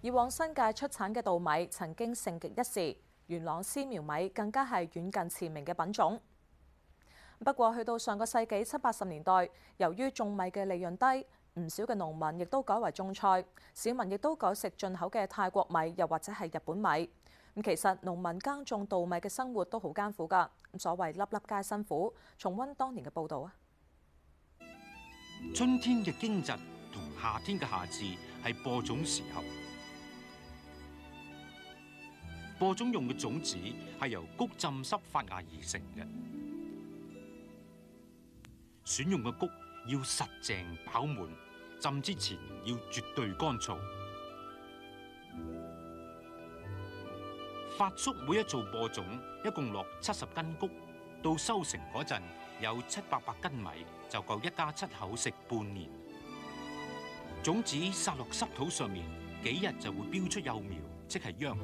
以往新界出產嘅稻米，曾經盛極一時，元朗絲苗米更加係遠近馳名嘅品種。不過去到上個世紀七八十年代，由於種米嘅利潤低，唔少嘅農民亦都改為種菜，市民亦都改食進口嘅泰國米，又或者係日本米。咁其實農民耕種稻米嘅生活都好艱苦㗎。所謂粒粒皆辛苦，重溫當年嘅報導啊！春天嘅驚蟄同夏天嘅夏至係播種時候。播種用嘅種子係由穀浸濕發芽而成嘅，選用嘅穀要實淨飽滿，浸之前要絕對乾燥。發叔每一造播種，一共落七十斤穀，到收成嗰陣有七八百斤米，就夠一家七口食半年。種子撒落濕土上面，幾日就會飆出幼苗，即係秧。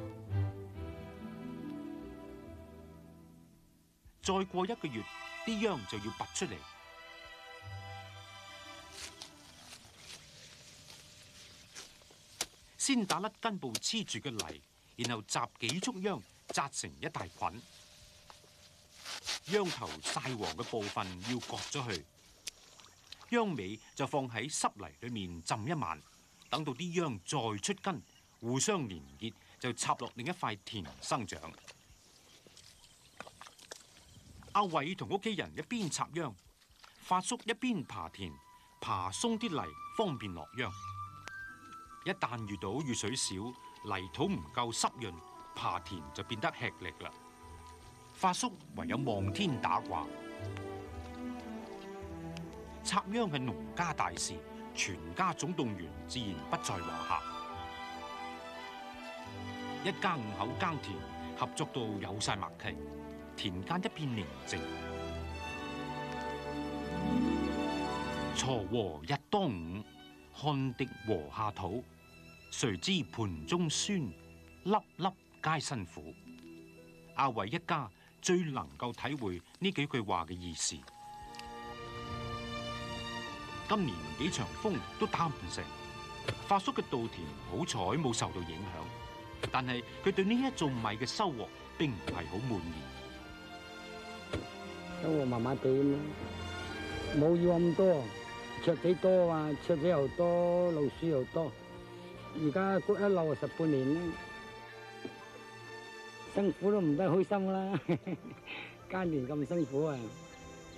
再過一個月，啲秧就要拔出嚟。先打甩根部黐住嘅泥，然後集幾束秧，扎成一大捆。秧頭晒黃嘅部分要割咗去，秧尾就放喺濕泥裏面浸一晚。等到啲秧再出根，互相連結，就插落另一塊田生長。阿偉同屋企人一邊插秧，發叔一邊爬田，爬鬆啲泥方便落秧。一旦遇到雨水少，泥土唔夠濕潤，爬田就變得吃力啦。發叔唯有望天打卦。插秧係農家大事，全家總動員，自然不在話下。一家五口耕田，合作到有晒默契。田間一片寧靜，鋤禾日當午，汗滴禾下土。誰知盤中飧，粒粒皆辛苦。阿偉一家最能夠體會呢幾句話嘅意思。今年幾場風都打唔成，發叔嘅稻田好彩冇受到影響，但係佢對呢一造米嘅收穫並唔係好滿意。我麻麻地咁咯，冇要咁多，雀仔多啊，雀仔又多，老鼠又多，而家一留十半年咧，辛苦都唔得，開心啦，艱難咁辛苦啊，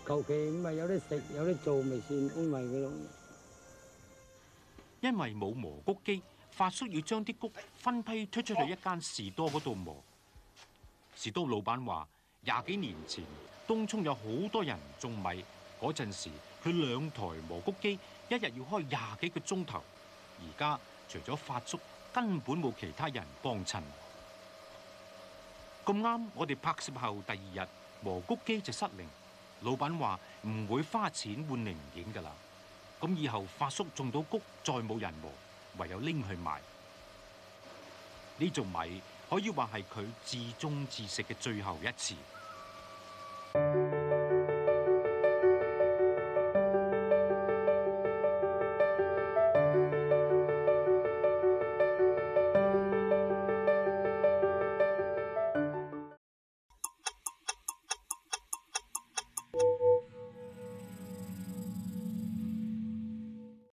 求其咁咪有得食，有得做咪算，安慰佢咯。因為冇磨谷機，發叔要將啲谷分批推出去一間士多嗰度磨。士多老闆話：廿幾年前。東涌有好多人種米，嗰陣時佢兩台磨谷機一日要開廿幾個鐘頭。而家除咗發叔，根本冇其他人幫襯。咁啱，我哋拍攝後第二日磨谷機就失靈，老闆話唔會花錢換零件噶啦。咁以後發叔種到谷再冇人磨，唯有拎去賣。呢種米可以話係佢自種自食嘅最後一次。